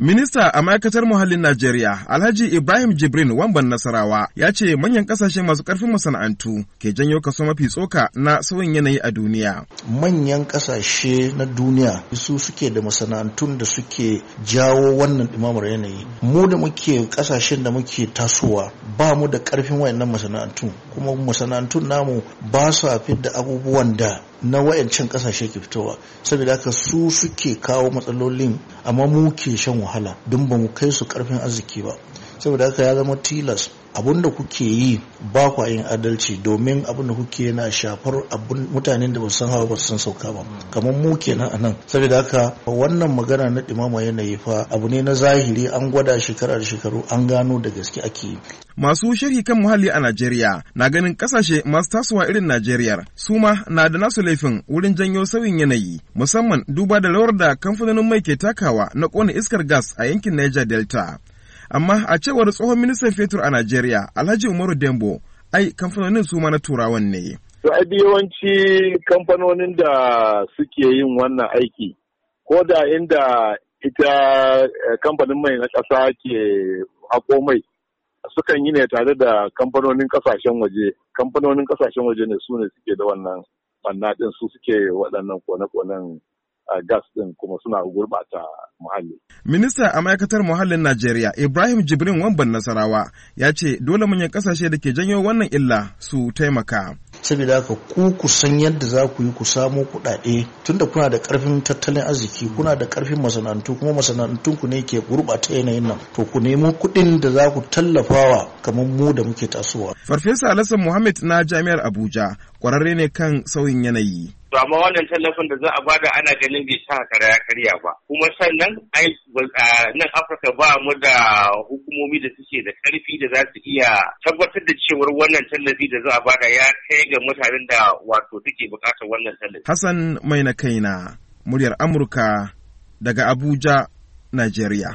Minista a ma'aikatar muhallin Najeriya, Alhaji Ibrahim Jibrin Wamban Nasarawa, ya ce manyan kasashe masu ƙarfin masana'antu ke janyo kaso mafi tsoka na sauyin yanayi a duniya. Manyan kasashe na duniya su suke da masana'antun da suke jawo wannan ɗumamar yanayi. Mu da muke kasashen da muke tasowa ba mu da ƙarfin wayannan masana'antun, kuma masana'antun namu ba su da abubuwan da na wayancin kasashe ke fitowa saboda haka su suke kawo matsalolin amma muke shan wahala don ba mu kai su karfin arziki ba saboda haka ya zama tilas abun da kuke yi ba kwa yin adalci domin abun da kuke na shafar mutanen da ba san hawa ba san sauka ba kamar mu kenan a nan saboda haka wannan magana na ɗimama yanayi fa abu ne na zahiri an gwada shekara da shekaru an gano da gaske ake yi masu shirki kan muhalli a Najeriya na ganin kasashe masu tasowa irin Najeriya su ma na da nasu laifin wurin janyo sauyin yanayi musamman duba da rawar da kamfanonin mai ke takawa na kona iskar gas a yankin Niger Delta Amma a cewar tsohon ministan fetur a Najeriya, Alhaji Umaru Dembo, ai kamfanonin su ma na turawan ne. To ai yawanci kamfanonin da suke yin wannan aiki, ko da inda ita eh, kamfanin mai na ƙasa ke hako mai, sukan yi ne tare da kamfanonin kasashen waje kamfanonin kasashen waje ne su ne suke da wannan wannan din su suke waɗannan kone-konen gas ɗin kuma suna gurɓata muhalli. Minista a ma'aikatar muhallin Najeriya Ibrahim Jibrin Wamban Nasarawa ya ce dole manyan ƙasashe da ke janyo wannan illa su taimaka. saboda haka ku ku san yadda za ku yi ku samo kuɗaɗe tunda kuna da ƙarfin tattalin arziki kuna da ƙarfin masana'antu kuma masana'antun ku ne ke gurɓata yanayin nan to ku nemo kuɗin da za ku tallafawa kamar mu da muke tasowa. Farfesa Alhassan Muhammad na Jami'ar Abuja ƙwararre ne kan sauyin yanayi. to amma wannan tallafin da za a bada ana ganin bai sa kara ya karya ba kuma sannan ai nan Afirka ba mu da hukumomi da suke da karfi da za su iya tabbatar da cewar wannan tallafi da za a bada ya kai ga mutanen da wato suke bukatar wannan tallafi. Hassan mai na kaina muryar Amurka daga Abuja, Najeriya.